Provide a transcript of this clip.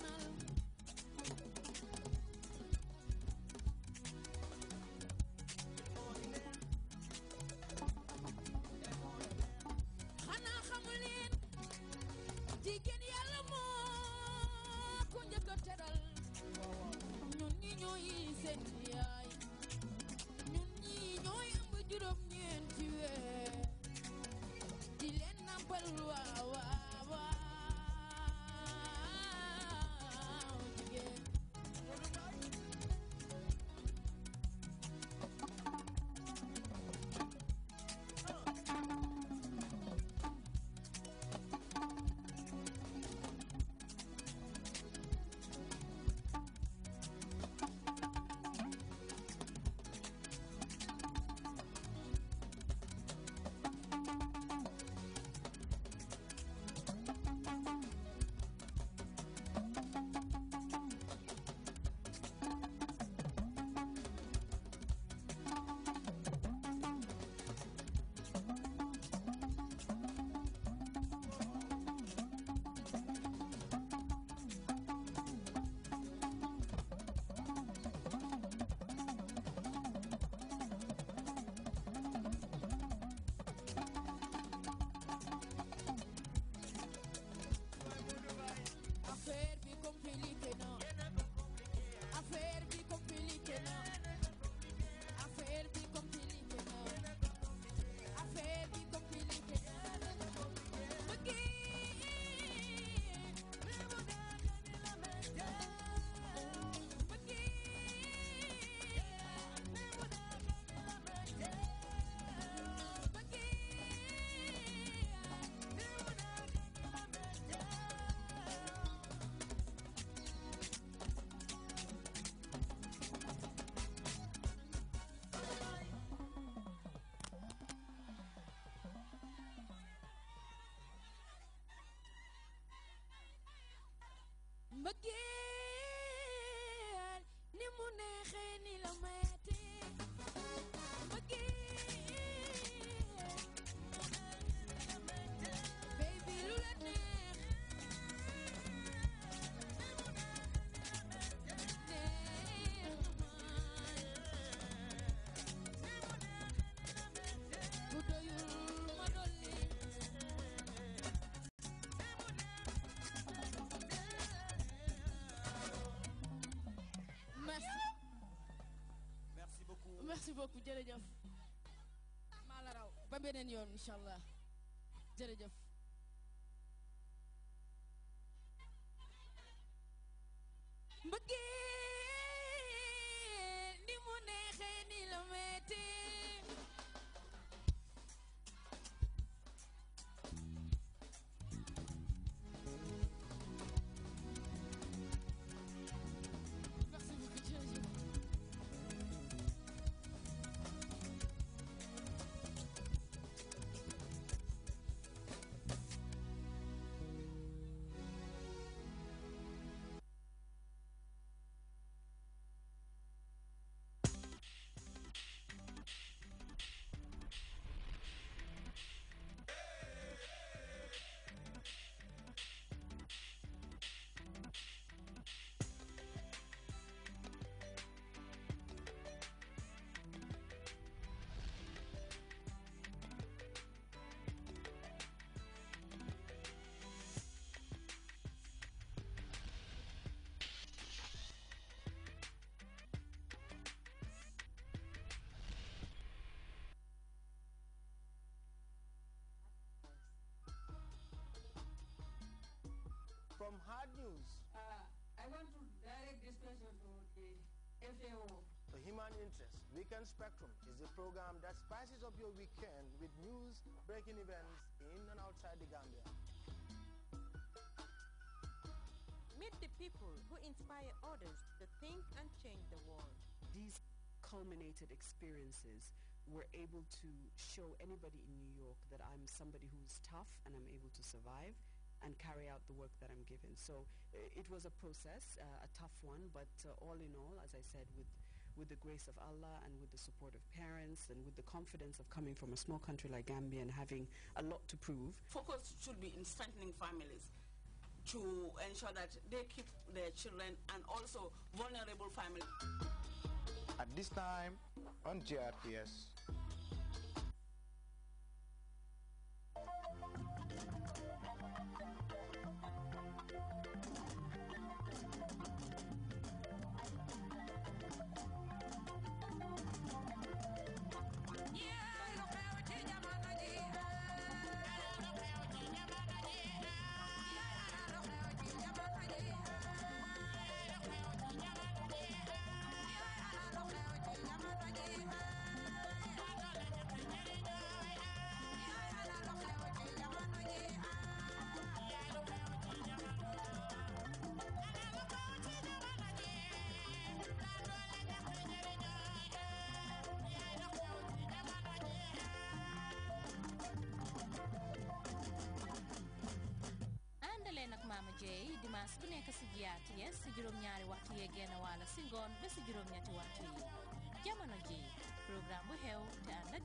Come on. geen merci beaucoup jërëjëf maa la raw ba beneen yoon incha allah jërëjëf mbëggee bad news. Uh, I want to direct this question to the FAO. The Human Interest Weekend Spectrum is a program that spices up your weekend with news, breaking events in and outside the Gambia. Meet the people who inspire others to think and change the world. These culminated experiences were able to show anybody in New York that I'm somebody who's tough and I'm able to survive and carry out the work that I'm given. So uh, it was a process, uh, a tough one, but uh, all in all, as I said, with with the grace of Allah and with the support of parents and with the confidence of coming from a small country like Gambia and having a lot to prove. Focus should be in strengthening families to ensure that they keep their children and also vulnerable families. At this time on GRPS juróom-ñaari waxtu yee genn wàll si ngoon ba si juróom-ñetti waxtu yi jamono ji programme bu xew te ànd ak